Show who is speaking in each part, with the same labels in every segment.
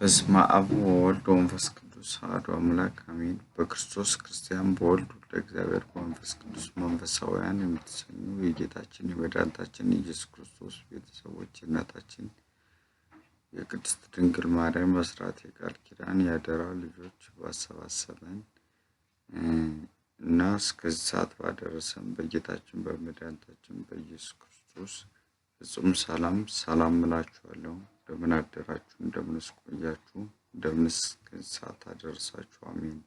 Speaker 1: በስመ አብ ወወልድ ወመንፈስ ቅዱስ አሐዱ አምላክ አሜን። በክርስቶስ ክርስቲያን በወልድ ወልደ እግዚአብሔር በመንፈስ ቅዱስ መንፈሳውያን የምትሰኙ የጌታችን የመድኃኒታችን ኢየሱስ ክርስቶስ ቤተሰቦች እናታችን የቅድስት ድንግል ማርያም በስርዓት የቃል ኪዳን ያደራ ልጆች ባሰባሰበን እና እስከዚህ ሰዓት ባደረሰን በጌታችን በመድኃኒታችን በኢየሱስ ክርስቶስ ፍጹም ሰላም ሰላም እላችኋለሁ። እንደምን አደራችሁ፣ እንደምንስ ቆያችሁ፣ እንደምንስ ሰዓት አደረሳችሁ። አሜን።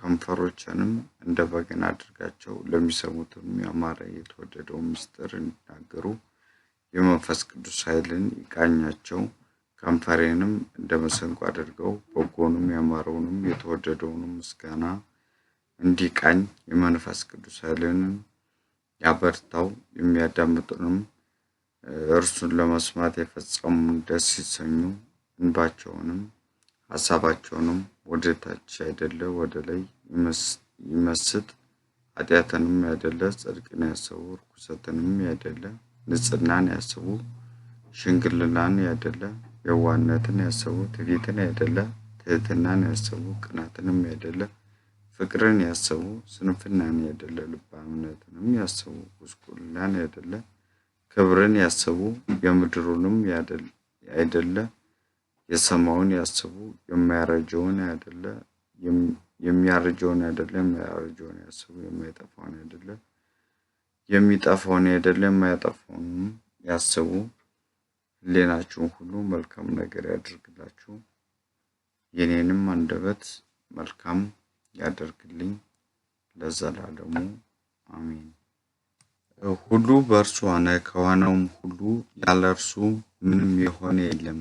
Speaker 1: ከንፈሮችንም እንደ በገን አድርጋቸው፣ ለሚሰሙትም ያማረ የተወደደው ምስጢር እንዲናገሩ የመንፈስ ቅዱስ ኃይልን ይቃኛቸው። ከንፈሬንም እንደ መሰንቆ አድርገው በጎንም ያማረውንም የተወደደውንም ምስጋና እንዲቃኝ የመንፈስ ቅዱስ ኃይልን ያበርታው። የሚያዳምጡንም እርሱን ለመስማት የፈጸሙ ደስ ሲሰኙ እንባቸውንም ሀሳባቸውንም ወደ ታች ያይደለ ወደ ላይ ይመስጥ ኃጢአትንም ያደለ ጽድቅን ያሰቡ ርኩሰትንም ያደለ ንጽህናን ያስቡ ሽንግልናን ያደለ የዋነትን ያሰቡ ትዕቢትን ያደለ ትህትናን ያሰቡ ቅናትንም ያደለ ፍቅርን ያሰቡ ስንፍናን ያደለ ልባምነትንም ያሰቡ ጉስቁልናን ያደለ ክብርን ያስቡ የምድሩንም አይደለ የሰማውን ያስቡ የማያረጀውን አይደለ የሚያረጀውን አይደለ የማያረጀውን ያስቡ የማይጠፋውን አይደለ የሚጠፋውን አይደለ የማያጠፋውንም ያስቡ። ሕሊናችሁን ሁሉ መልካም ነገር ያደርግላችሁ። የኔንም አንደበት መልካም ያደርግልኝ ለዘላለሙ አሜን። ሁሉ በእርሱ ሆነ ከሆነውም ሁሉ ያለ እርሱ ምንም የሆነ የለም።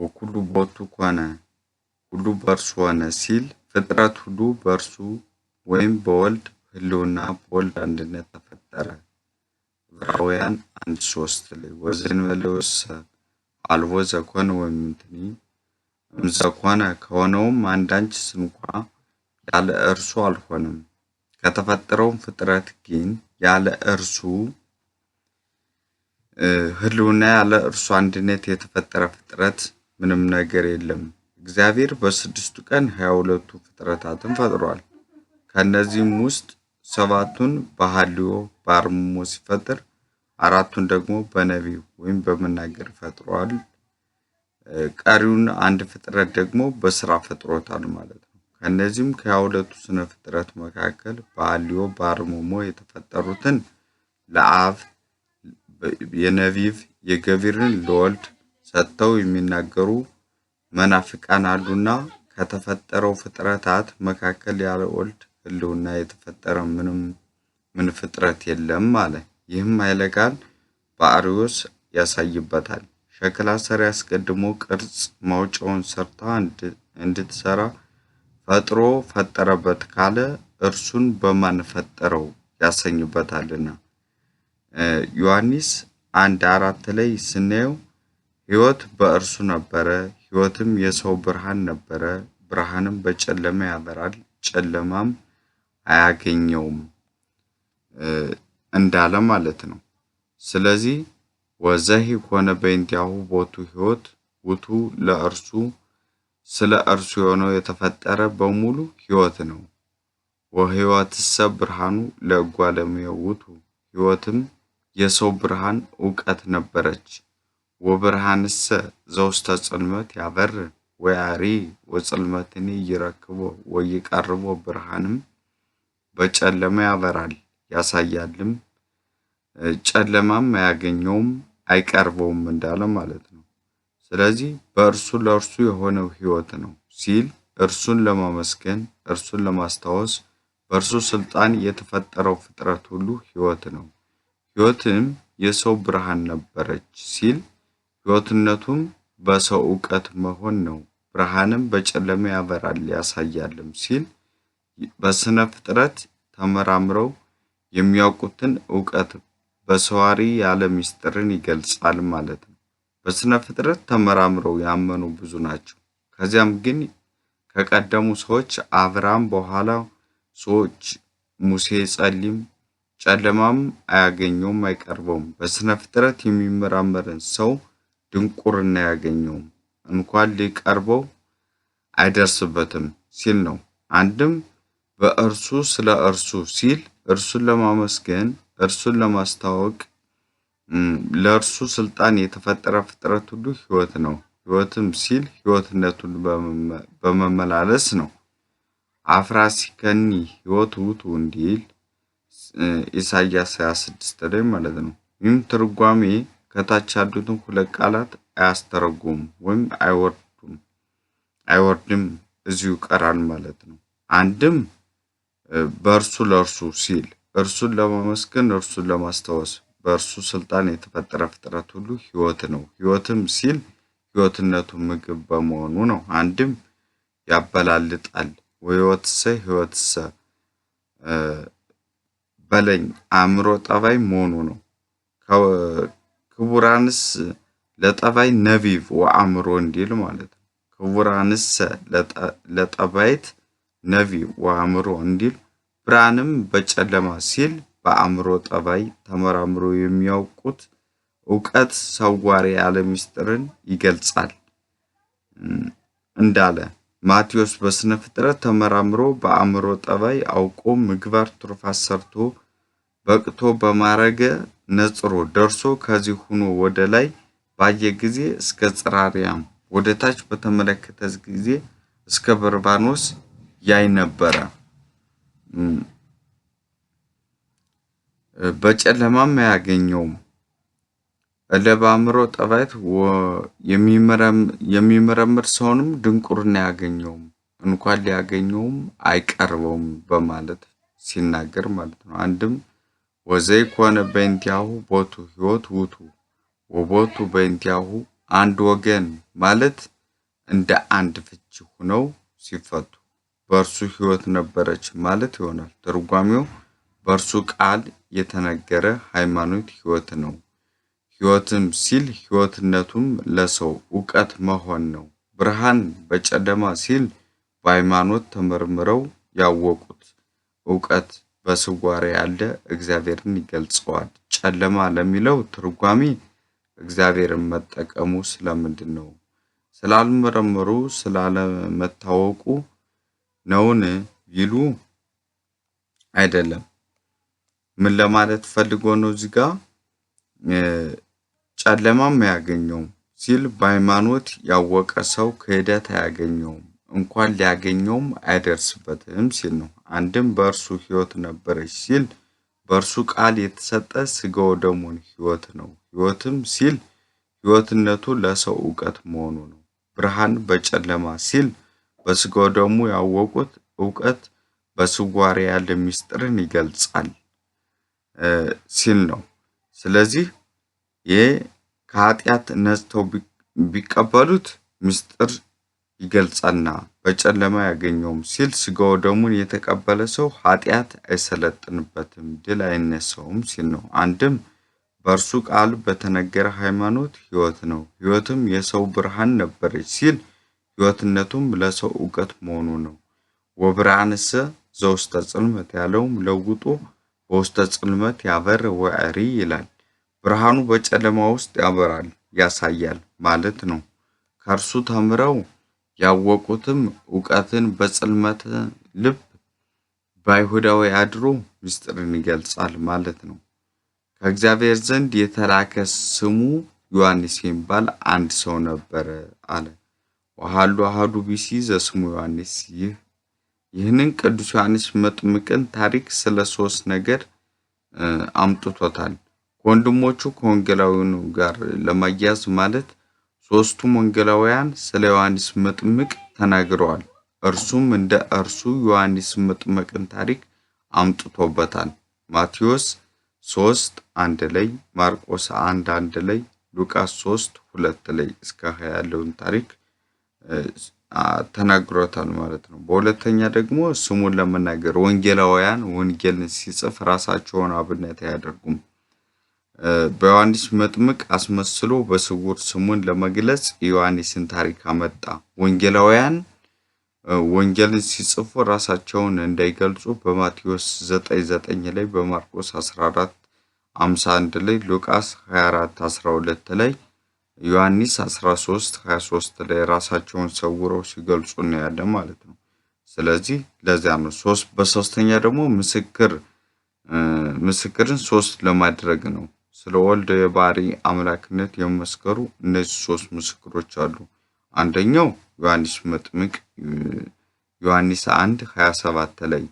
Speaker 1: ወኩሉ ቦቱ ኮነ፣ ሁሉ በእርሱ ሆነ ሲል ፍጥረት ሁሉ በእርሱ ወይም በወልድ ህልውና በወልድ አንድነት ተፈጠረ። ዕብራውያን አንድ ሶስት ላይ ወዘእንበለወሰ አልቦ ዘኮነ ወእምትኒ እምዘኮነ ከሆነውም አንዳንች ስንኳ ያለ እርሱ አልሆነም። ከተፈጠረውን ፍጥረት ግን ያለ እርሱ ህልውና ያለ እርሱ አንድነት የተፈጠረ ፍጥረት ምንም ነገር የለም። እግዚአብሔር በስድስቱ ቀን ሀያ ሁለቱ ፍጥረታትን ፈጥሯል። ከእነዚህም ውስጥ ሰባቱን በሐልዮ በአርምሞ ሲፈጥር አራቱን ደግሞ በነቢብ ወይም በመናገር ፈጥሯል። ቀሪውን አንድ ፍጥረት ደግሞ በስራ ፈጥሮታል ማለት ነው። ከእነዚህም ከሁለቱ ስነ ፍጥረት መካከል በአልዮ በአርምሞ የተፈጠሩትን ለአብ የነቢብ የገቢርን ለወልድ ሰጥተው የሚናገሩ መናፍቃን አሉና ከተፈጠረው ፍጥረታት መካከል ያለ ወልድ ህልውና የተፈጠረ ምንም ምን ፍጥረት የለም አለ። ይህም ኃይለ ቃል በአርዮስ ያሳይበታል። ሸክላ ሰሪ አስቀድሞ ቅርጽ ማውጫውን ሰርታ እንድትሰራ ፈጥሮ ፈጠረበት ካለ እርሱን በማን ፈጠረው ያሰኝበታልና። ዮሐንስ አንድ አራት ላይ ስናየው ሕይወት በእርሱ ነበረ፣ ሕይወትም የሰው ብርሃን ነበረ፣ ብርሃንም በጨለማ ያበራል፣ ጨለማም አያገኘውም እንዳለ ማለት ነው። ስለዚህ ወዘህ ሆነ በእንቲአሁ ቦቱ ሕይወት ውቱ ለእርሱ ስለ እርሱ የሆነው የተፈጠረ በሙሉ ሕይወት ነው። ወሕይወትሰ ብርሃኑ ለእጓ የውቱ ሕይወትም የሰው ብርሃን እውቀት ነበረች። ወብርሃንሰ ዘውስተ ጽልመት ያበር ወያሪ ወጽልመትን ይረክቦ ወይቀርቦ፣ ብርሃንም በጨለማ ያበራል ያሳያልም፣ ጨለማም አያገኘውም አይቀርበውም እንዳለ ማለት ነው። ስለዚህ በእርሱ ለእርሱ የሆነው ህይወት ነው ሲል እርሱን ለማመስገን እርሱን ለማስታወስ በእርሱ ስልጣን የተፈጠረው ፍጥረት ሁሉ ህይወት ነው። ህይወትም የሰው ብርሃን ነበረች ሲል ህይወትነቱም በሰው እውቀት መሆን ነው። ብርሃንም በጨለማ ያበራል ያሳያልም ሲል በስነ ፍጥረት ተመራምረው የሚያውቁትን እውቀት በሰዋሪ ያለ ምስጢርን ይገልጻል ማለት ነው። በስነ ፍጥረት ተመራምረው ያመኑ ብዙ ናቸው። ከዚያም ግን ከቀደሙ ሰዎች አብርሃም፣ በኋላ ሰዎች ሙሴ፣ ጸሊም ጨለማም አያገኘውም አይቀርበውም። በስነ ፍጥረት የሚመራመርን ሰው ድንቁርና አያገኘውም እንኳን ሊቀርበው አይደርስበትም ሲል ነው። አንድም በእርሱ ስለ እርሱ ሲል እርሱን ለማመስገን እርሱን ለማስታወቅ ለእርሱ ስልጣን የተፈጠረ ፍጥረት ሁሉ ህይወት ነው። ህይወትም ሲል ሕይወትነቱን በመመላለስ ነው። አፍራሲከኒ ህይወት ውቱ እንዲል ኢሳያስ 26 ላይ ማለት ነው። ይህም ትርጓሜ ከታች ያሉትን ሁለት ቃላት አያስተረጉም ወይም አይወርዱም አይወርድም እዚሁ ይቀራል ማለት ነው። አንድም በእርሱ ለእርሱ ሲል እርሱን ለማመስገን እርሱን ለማስታወስ በእርሱ ስልጣን የተፈጠረ ፍጥረት ሁሉ ህይወት ነው። ህይወትም ሲል ህይወትነቱ ምግብ በመሆኑ ነው። አንድም ያበላልጣል። ወሕይወትሰ ሕይወትሰ በለኝ አእምሮ ጠባይ መሆኑ ነው። ክቡራንስ ለጠባይ ነቢብ ወአእምሮ እንዲል ማለት ነው። ክቡራንስ ለጠባይት ነቢብ ወአእምሮ እንዲል ብርሃንም በጨለማ ሲል በአእምሮ ጠባይ ተመራምሮ የሚያውቁት እውቀት ሰዋሪ ያለ ምስጢርን ይገልጻል እንዳለ ማቴዎስ በስነ ፍጥረት ተመራምሮ በአእምሮ ጠባይ አውቆ ምግባር ትሩፋት ሰርቶ በቅቶ በማረገ ነጽሮ ደርሶ ከዚህ ሁኖ ወደ ላይ ባየ ጊዜ እስከ ጽራሪያም ወደ ታች በተመለከተ ጊዜ እስከ በርባኖስ ያይ ነበረ። በጨለማም አያገኘውም። እለ በአእምሮ ጠባይት የሚመረምር ሰውንም ድንቁርና አያገኘውም፣ እንኳን ሊያገኘውም አይቀርበውም በማለት ሲናገር ማለት ነው። አንድም ኮነ በእንቲያሁ ቦቱ ህይወት ውቱ ወቦቱ በእንቲያሁ አንድ ወገን ማለት እንደ አንድ ፍቺ ሆነው ሲፈቱ በእርሱ ህይወት ነበረች ማለት ይሆናል ትርጓሜው። በእርሱ ቃል የተነገረ ሃይማኖት ሕይወት ነው። ሕይወትም ሲል ሕይወትነቱም ለሰው እውቀት መሆን ነው። ብርሃን በጨለማ ሲል በሃይማኖት ተመርምረው ያወቁት እውቀት በስዋሪ ያለ እግዚአብሔርን ይገልጸዋል። ጨለማ ለሚለው ትርጓሜ እግዚአብሔርን መጠቀሙ ስለምንድን ነው? ስላልመረመሩ ስላለመታወቁ ነውን? ይሉ አይደለም። ምን ለማለት ፈልጎ ነው እዚህ ጋር ጨለማም አያገኘውም ሲል በሃይማኖት ያወቀ ሰው ክህደት አያገኘውም እንኳን ሊያገኘውም አይደርስበትም ሲል ነው። አንድም በእርሱ ህይወት ነበረች ሲል በእርሱ ቃል የተሰጠ ሥጋ ወደሙን ህይወት ነው። ህይወትም ሲል ህይወትነቱ ለሰው እውቀት መሆኑ ነው። ብርሃን በጨለማ ሲል በሥጋ ወደሙ ያወቁት እውቀት በስዋሪ ያለ ምስጢርን ይገልጻል። ሲል ነው። ስለዚህ ይሄ ከኃጢአት ነጽተው ቢቀበሉት ምስጢር ይገልጻልና በጨለማ ያገኘውም ሲል ስጋው ደሙን የተቀበለ ሰው ኃጢአት አይሰለጥንበትም፣ ድል አይነሳውም ሲል ነው። አንድም በእርሱ ቃል በተነገረ ሃይማኖት ህይወት ነው፣ ህይወትም የሰው ብርሃን ነበረች ሲል ህይወትነቱም ለሰው እውቀት መሆኑ ነው። ወብርሃንስ ዘውስተ ጽልመት ያለውም ለውጦ በውስጠ ጽልመት ያበር ወዕሪ ይላል። ብርሃኑ በጨለማ ውስጥ ያበራል ያሳያል ማለት ነው። ከእርሱ ተምረው ያወቁትም እውቀትን በጽልመት ልብ በአይሁዳዊ አድሮ ምስጢርን ይገልጻል ማለት ነው። ከእግዚአብሔር ዘንድ የተላከ ስሙ ዮሐንስ የሚባል አንድ ሰው ነበረ አለ። ወሃሉ አሐዱ ቢሲ ዘስሙ ዮሐንስ ይህ ይህንን ቅዱስ ዮሐንስ መጥምቅን ታሪክ ስለ ሶስት ነገር አምጥቶታል። ከወንድሞቹ ከወንጌላዊኑ ጋር ለማያዝ ማለት ሶስቱም ወንጌላውያን ስለ ዮሐንስ መጥምቅ ተናግረዋል። እርሱም እንደ እርሱ ዮሐንስ መጥመቅን ታሪክ አምጥቶበታል። ማቴዎስ 3 አንድ ላይ፣ ማርቆስ አንድ አንድ ላይ፣ ሉቃስ 3 ሁለት ላይ እስከ ያለውን ታሪክ ተናግሮታል ማለት ነው። በሁለተኛ ደግሞ ስሙን ለመናገር ወንጌላውያን ወንጌልን ሲጽፍ ራሳቸውን አብነት አያደርጉም። በዮሐንስ መጥምቅ አስመስሎ በስውር ስሙን ለመግለጽ የዮሐንስን ታሪክ አመጣ። ወንጌላውያን ወንጌልን ሲጽፉ ራሳቸውን እንዳይገልጹ በማቴዎስ 9:9 ላይ፣ በማርቆስ 51 ላይ፣ ሉቃስ 24:12 ላይ ዮሐንስ 13 23 ላይ ራሳቸውን ሰውረው ሲገልጹ እናያለን ማለት ነው። ስለዚህ ለዚያ ነው ሶስት በሶስተኛ ደግሞ ምስክር ምስክርን ሶስት ለማድረግ ነው። ስለ ወልድ የባህሪ አምላክነት የመስከሩ እነዚህ ሶስት ምስክሮች አሉ። አንደኛው ዮሐንስ መጥምቅ ዮሐንስ 1 27 ላይ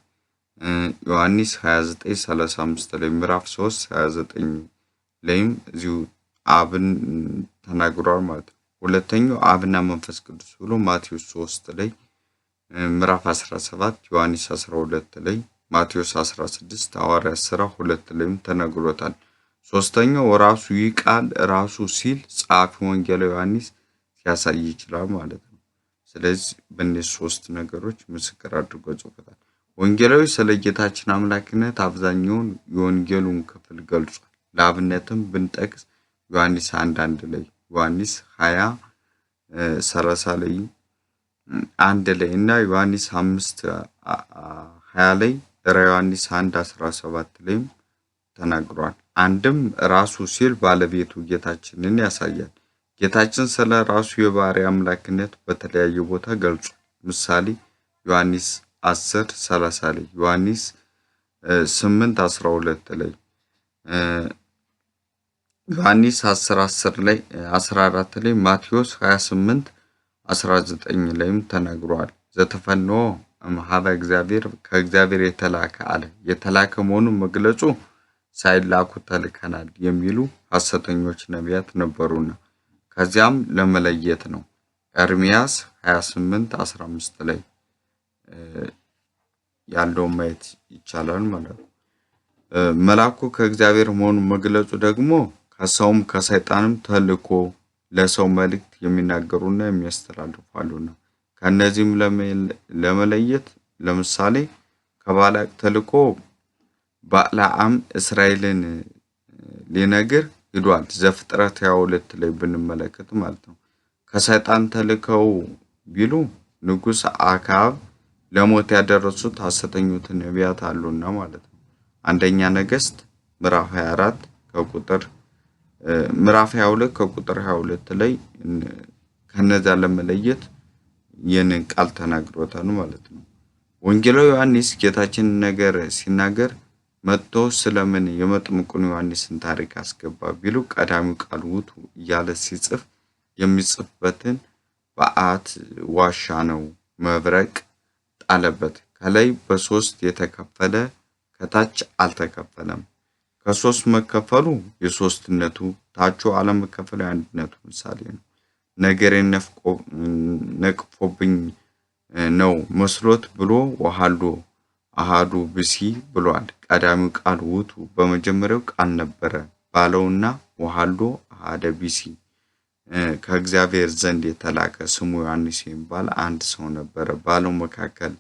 Speaker 1: ዮሐንስ 29 35 ላይ ምዕራፍ 3 29 ላይም እዚሁ አብን ተናግሯል ማለት ነው። ሁለተኛው አብና መንፈስ ቅዱስ ብሎ ማቴዎስ 3 ላይ ምዕራፍ 17፣ ዮሐንስ 12 ላይ፣ ማቴዎስ 16፣ ሐዋርያት ሥራ 2 ላይም ተነግሮታል። ሶስተኛው ራሱ ይህ ቃል ራሱ ሲል ጸሐፊ ወንጌላዊ ዮሐንስ ሲያሳይ ይችላል ማለት ነው። ስለዚህ በእነዚህ ሶስት ነገሮች ምስክር አድርጎ ጽፎታል። ወንጌላዊ ስለ ጌታችን አምላክነት አብዛኛውን የወንጌሉን ክፍል ገልጿል። ለአብነትም ብንጠቅስ ዮሐንስ አንድ ላይ ዮሐንስ 20 30 ላይ አንድ ላይ እና ዮሐንስ 5 20 ላይ ራ ዮሐንስ 1 17 ላይም ተናግሯል። አንድም ራሱ ሲል ባለቤቱ ጌታችንን ያሳያል። ጌታችን ስለ ራሱ የባሕርይ አምላክነት በተለያየ ቦታ ገልጿል። ምሳሌ ዮሐንስ 10 30 ላይ ዮሐንስ 8 12 ላይ ዮሐንስ 10 10 ላይ 14 ላይ ማቴዎስ 28 19 ላይም ተነግሯል። ዘተፈኖ እምኀበ እግዚአብሔር ከእግዚአብሔር የተላከ አለ። የተላከ መሆኑን መግለጹ ሳይላኩ ተልከናል የሚሉ ሐሰተኞች ነቢያት ነበሩና ከዚያም ለመለየት ነው። ኤርሚያስ 28 15 ላይ ያለውን ማየት ይቻላል ማለት ነው። መልአኩ ከእግዚአብሔር መሆኑን መግለጹ ደግሞ ከሰውም ከሰይጣንም ተልኮ ለሰው መልእክት የሚናገሩና የሚያስተላልፉ ነው። ከእነዚህም ለመለየት ለምሳሌ ከባላቅ ተልኮ ባላአም እስራኤልን ሊነግር ሂዷል። ዘፍጥረት ሃያ ሁለት ላይ ብንመለከት ማለት ነው። ከሰይጣን ተልከው ቢሉ ንጉሥ አካብ ለሞት ያደረሱት ሐሰተኞች ነቢያት አሉና ማለት ነው። አንደኛ ነገሥት ምዕራፍ 24 ከቁጥር ምዕራፍ 22 ከቁጥር 22 ላይ ከነዛ ለመለየት ይህንን ቃል ተናግሮታል ማለት ነው። ወንጌላዊ ዮሐንስ ጌታችን ነገር ሲናገር መጥቶ ስለምን የመጥምቁን ዮሐንስን ታሪክ አስገባ ቢሉ ቀዳሚው ቃል ውቱ እያለ ሲጽፍ የሚጽፍበትን በአት ዋሻ ነው መብረቅ ጣለበት። ከላይ በሶስት የተከፈለ ከታች አልተከፈለም። ከሶስት መከፈሉ የሶስትነቱ ታቹ አለመከፈሉ የአንድነቱ ምሳሌ ነው። ነገሬን ነቅፎብኝ ነው መስሎት ብሎ ወሃሎ አሃዱ ብሲ ብሏል። ቀዳሚው ቃል ውቱ በመጀመሪያው ቃል ነበረ ባለውና ወሃሎ አሃደ ቢሲ ከእግዚአብሔር ዘንድ የተላከ ስሙ ዮሐንስ የሚባል አንድ ሰው ነበረ። ባለው መካከል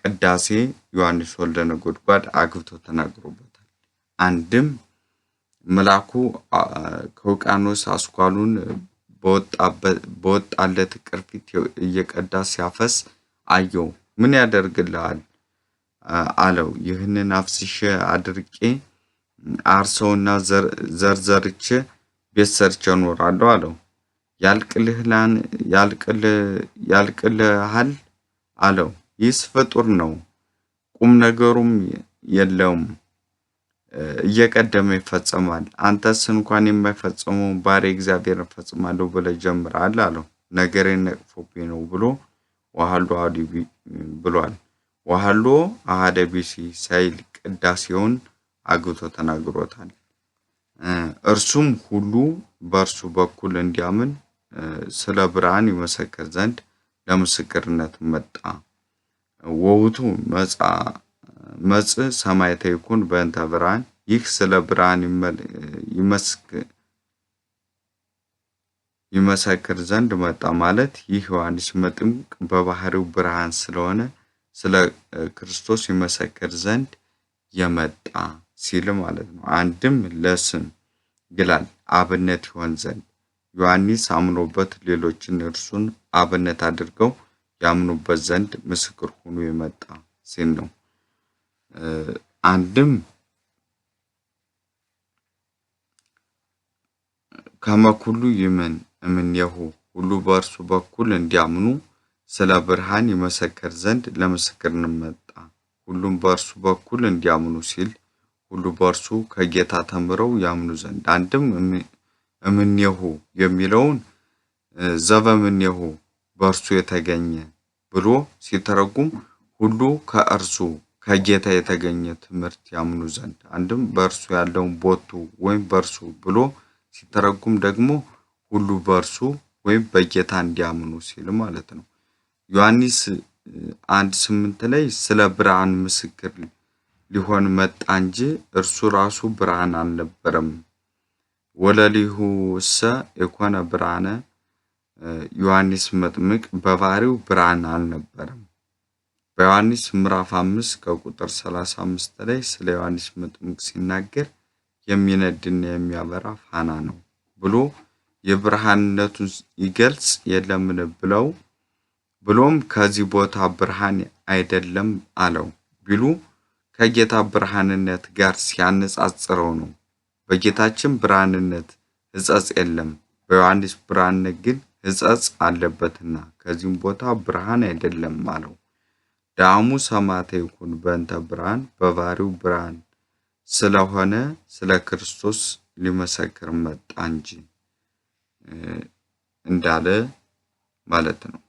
Speaker 1: ቅዳሴ ዮሐንስ ወልደ ነጎድጓድ አግብቶ ተናግሮበት አንድም መልአኩ ከውቅያኖስ አስኳሉን በወጣለት ቅርፊት እየቀዳ ሲያፈስ አየው። ምን ያደርግልሃል? አለው። ይህንን አፍስሼ አድርቄ አርሰውና ዘርዘርች ቤት ሰርቼ እኖራለሁ አለው። ያልቅልሃል? አለው። ይህስ ፍጡር ነው፣ ቁም ነገሩም የለውም እየቀደመ ይፈጸማል። አንተስ እንኳን የማይፈጽመው ባሬ እግዚአብሔር እፈጽማለሁ ብለ ጀምራል አለው። ነገሬን ነቅፎብኝ ነው ብሎ ዋህሎ አሐዱ ብሏል። ዋህሎ አሐደ ቢሲ ሳይል ቅዳሴውን አግብቶ ተናግሮታል። እርሱም ሁሉ በእርሱ በኩል እንዲያምን ስለ ብርሃን ይመሰክር ዘንድ ለምስክርነት መጣ። ወውቱ መጻ መጽእ ሰማዕተ ይኩን በእንተ ብርሃን ይህ ስለ ብርሃን ይመሰክር ዘንድ መጣ ማለት ይህ ዮሐንስ መጥምቅ በባህሪው ብርሃን ስለሆነ ስለ ክርስቶስ ይመሰክር ዘንድ የመጣ ሲል ማለት ነው። አንድም ለስም ግላል አብነት ይሆን ዘንድ ዮሐንስ አምኖበት ሌሎችን እርሱን አብነት አድርገው ያምኑበት ዘንድ ምስክር ሆኖ የመጣ ሲል ነው። አንድም ከመኩሉ ይመን እምኔሁ ሁሉ በእርሱ በኩል እንዲያምኑ ስለ ብርሃን ይመሰክር ዘንድ ለምስክርነት መጣ። ሁሉም በእርሱ በኩል እንዲያምኑ ሲል ሁሉ በእርሱ ከጌታ ተምረው ያምኑ ዘንድ። አንድም እምኔሁ የሚለውን ዘበምኔሁ በእርሱ የተገኘ ብሎ ሲተረጉም ሁሉ ከእርሱ ከጌታ የተገኘ ትምህርት ያምኑ ዘንድ አንድም በእርሱ ያለውን ቦቱ ወይም በእርሱ ብሎ ሲተረጉም ደግሞ ሁሉ በእርሱ ወይም በጌታ እንዲያምኑ ሲል ማለት ነው። ዮሐንስ አንድ ስምንት ላይ ስለ ብርሃን ምስክር ሊሆን መጣ እንጂ እርሱ ራሱ ብርሃን አልነበረም። ወለሊሁሰ የኮነ ብርሃነ ዮሐንስ መጥምቅ በባህሪው ብርሃን አልነበረም። በዮሐንስ ምዕራፍ 5 ከቁጥር 35 ላይ ስለ ዮሐንስ መጥምቅ ሲናገር የሚነድና የሚያበራ ፋና ነው ብሎ የብርሃንነቱን ይገልጽ የለምን ብለው ብሎም ከዚህ ቦታ ብርሃን አይደለም አለው ቢሉ ከጌታ ብርሃንነት ጋር ሲያነጻጽረው ነው። በጌታችን ብርሃንነት ሕጸጽ የለም፣ በዮሐንስ ብርሃንነት ግን ሕጸጽ አለበትና ከዚህም ቦታ ብርሃን አይደለም አለው። ዳሙ ሰማዕተ ይኩን በእንተ ብርሃን በባሪው ብርሃን ስለሆነ ስለ ክርስቶስ ሊመሰክር መጣ እንጂ እንዳለ ማለት ነው።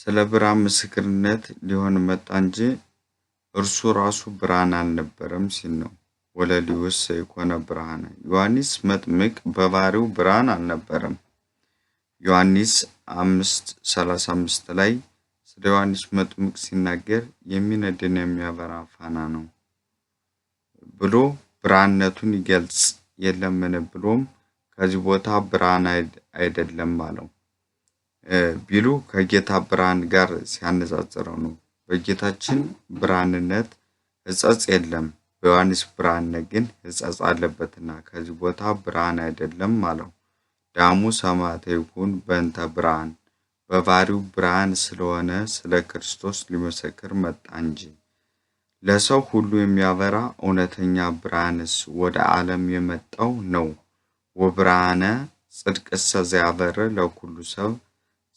Speaker 1: ስለ ብርሃን ምስክርነት ሊሆን መጣ እንጂ እርሱ ራሱ ብርሃን አልነበረም ሲል ነው። ወለሊውስ የኮነ ብርሃነ ዮሐንስ መጥምቅ በባሪው ብርሃን አልነበረም። ዮሐንስ 5:35 ላይ ስለ ዮሐንስ መጥምቅ ሲናገር የሚነድን የሚያበራ ፋና ነው ብሎ ብርሃንነቱን ይገልጽ የለምን? ብሎም ከዚህ ቦታ ብርሃን አይደለም አለው ቢሉ ከጌታ ብርሃን ጋር ሲያነጻጽረው ነው። በጌታችን ብርሃንነት ሕጸጽ የለም። በዮሐንስ ብርሃን ግን ሕጸጽ አለበትና ከዚህ ቦታ ብርሃን አይደለም አለው። ዳሙ ሰማያዊ ይኩን በእንተ ብርሃን በባሪው ብርሃን ስለሆነ ስለ ክርስቶስ ሊመሰክር መጣ እንጂ። ለሰው ሁሉ የሚያበራ እውነተኛ ብርሃንስ ወደ ዓለም የመጣው ነው። ወብርሃነ ጽድቅሰ ዘያበር ለኩሉ ሰብ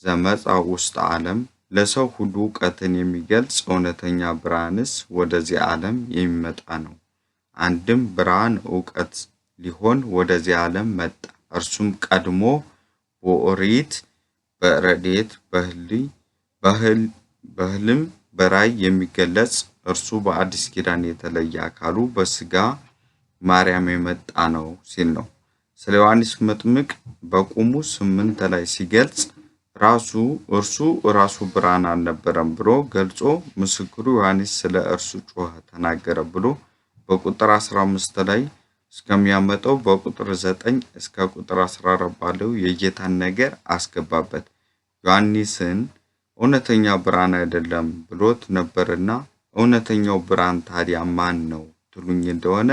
Speaker 1: ዘመፃ ውስጥ ዓለም ለሰው ሁሉ እውቀትን የሚገልጽ እውነተኛ ብርሃንስ ወደዚህ ዓለም የሚመጣ ነው። አንድም ብርሃን እውቀት ሊሆን ወደዚህ ዓለም መጣ። እርሱም ቀድሞ በኦሪት፣ በረዴት በህልም በራይ የሚገለጽ እርሱ በአዲስ ኪዳን የተለየ አካሉ በስጋ ማርያም የመጣ ነው ሲል ነው። ስለ ዮሐንስ መጥምቅ በቁሙ ስምንት ላይ ሲገልጽ ራሱ እርሱ ራሱ ብርሃን አልነበረም ብሎ ገልጾ ምስክሩ ዮሐንስ ስለ እርሱ ጮኸ ተናገረ ብሎ በቁጥር 15 ላይ እስከሚያመጣው በቁጥር 9 እስከ ቁጥር 14 ባለው የጌታን ነገር አስገባበት። ዮሐንስን እውነተኛ ብርሃን አይደለም ብሎት ነበርና እውነተኛው ብርሃን ታዲያ ማን ነው ትሉኝ እንደሆነ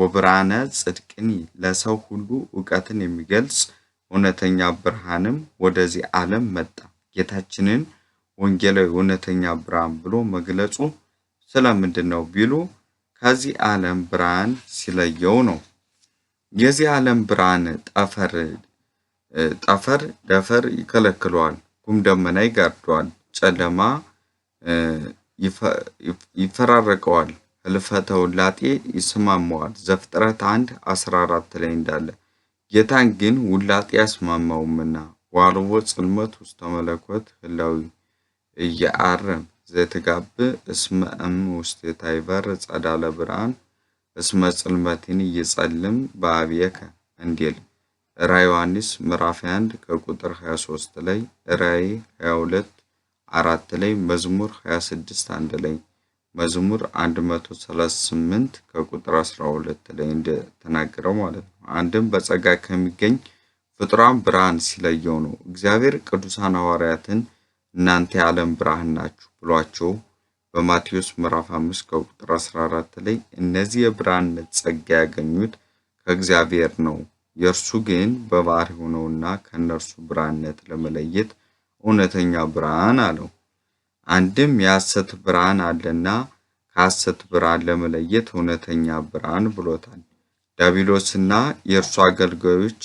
Speaker 1: ወብርሃነ ጽድቅን ለሰው ሁሉ እውቀትን የሚገልጽ እውነተኛ ብርሃንም ወደዚህ ዓለም መጣ። ጌታችንን ወንጌላዊ እውነተኛ ብርሃን ብሎ መግለጹ ስለምንድን ነው ቢሉ ከዚህ ዓለም ብርሃን ሲለየው ነው። የዚህ ዓለም ብርሃን ጠፈር ጠፈር ደፈር ይከለክለዋል፣ ጉም ደመና ይጋርደዋል፣ ጨለማ ይፈራረቀዋል፣ ህልፈተ ውላጤ ይስማመዋል ዘፍጥረት አንድ አስራ አራት ላይ እንዳለ ጌታን ግን ውላጤ ያስማማውምና ዋልዎ ጽልመት ውስጥ ተመለኮት ህላዊ እየአረም ዘትጋብእ እስመ እምውስቴታ ታይቨር ጸዳለ ብርሃን እስመ ጽልመቲን ኢይጸልም በአብየከ እንዲል ራዕየ ዮሐንስ ምዕራፍ ከቁጥር 23 ላይ ራይ 22 አራት ላይ መዝሙር 26 አንድ ላይ መዝሙር 138 ከቁጥር 12 ላይ እንደተናገረው ማለት ነው። አንድም በጸጋ ከሚገኝ ፍጡራን ብርሃን ሲለየው ነው። እግዚአብሔር ቅዱሳን ሐዋርያትን እናንተ የዓለም ብርሃን ናችሁ ብሏቸው በማቴዎስ ምዕራፍ 5 ከቁጥር 14 ላይ እነዚህ የብርሃንነት ጸጋ ያገኙት ከእግዚአብሔር ነው፣ የእርሱ ግን በባሕርይ ሆነውና ከእነርሱ ብርሃንነት ለመለየት እውነተኛ ብርሃን አለው። አንድም የሐሰት ብርሃን አለና ከሐሰት ብርሃን ለመለየት እውነተኛ ብርሃን ብሎታል። ዲያብሎስና የእርሱ አገልጋዮች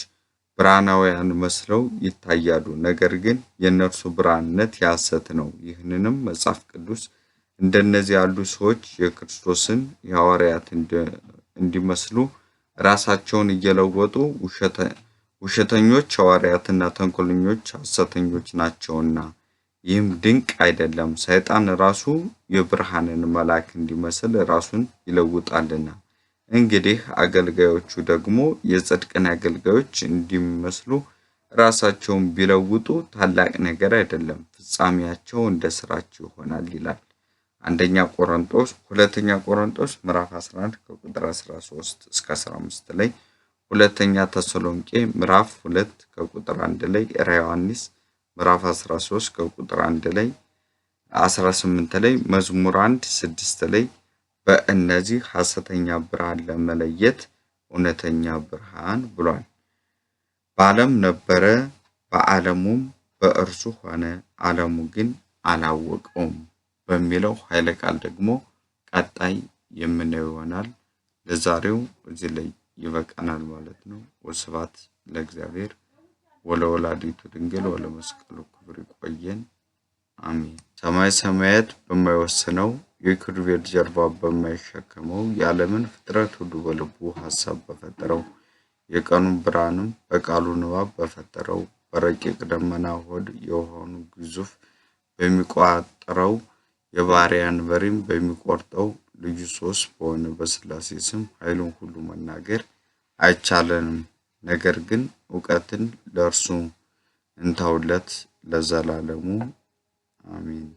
Speaker 1: ብርሃናውያን መስለው ይታያሉ፣ ነገር ግን የእነርሱ ብርሃንነት የሐሰት ነው። ይህንንም መጽሐፍ ቅዱስ እንደነዚህ ያሉ ሰዎች የክርስቶስን የሐዋርያት እንዲመስሉ ራሳቸውን እየለወጡ ውሸተኞች ሐዋርያትና ተንኮለኞች ሐሰተኞች ናቸውና፣ ይህም ድንቅ አይደለም። ሰይጣን ራሱ የብርሃንን መልአክ እንዲመስል ራሱን ይለውጣልና እንግዲህ አገልጋዮቹ ደግሞ የጽድቅን አገልጋዮች እንዲመስሉ ራሳቸውን ቢለውጡ ታላቅ ነገር አይደለም፣ ፍጻሜያቸው እንደ ስራቸው ይሆናል ይላል። አንደኛ ቆሮንጦስ ሁለተኛ ቆሮንጦስ ምዕራፍ 11 ከቁጥር 13 እስከ 15 ላይ፣ ሁለተኛ ተሰሎንቄ ምዕራፍ 2 ከቁጥር 1 ላይ፣ ራ ዮሐንስ ምዕራፍ 13 ከቁጥር 1 ላይ 18 ላይ፣ መዝሙር 1 6 ላይ በእነዚህ ሐሰተኛ ብርሃን ለመለየት እውነተኛ ብርሃን ብሏል። በዓለም ነበረ፣ በዓለሙም በእርሱ ሆነ፣ ዓለሙ ግን አላወቀውም በሚለው ኃይለ ቃል ደግሞ ቀጣይ የምናየው ይሆናል። ለዛሬው እዚህ ላይ ይበቃናል ማለት ነው። ወስብሐት ለእግዚአብሔር ወለወላዲቱ ድንግል ወለመስቀሉ ክብር። ይቆየን። አሜን። ሰማይ ሰማያት በማይወስነው የክርቤት ጀርባ በማይሸከመው የዓለምን ፍጥረት ሁሉ በልቡ ሐሳብ በፈጠረው የቀኑን ብርሃንም በቃሉ ንባብ በፈጠረው በረቂቅ ደመና ሆድ የሆኑ ግዙፍ በሚቋጥረው የባሪያን በሬም በሚቆርጠው ልዩ ሶስ በሆነ በስላሴ ስም ኃይሉን ሁሉ መናገር አይቻለንም። ነገር ግን እውቀትን ለእርሱ እንተውለት ለዘላለሙ አሜን።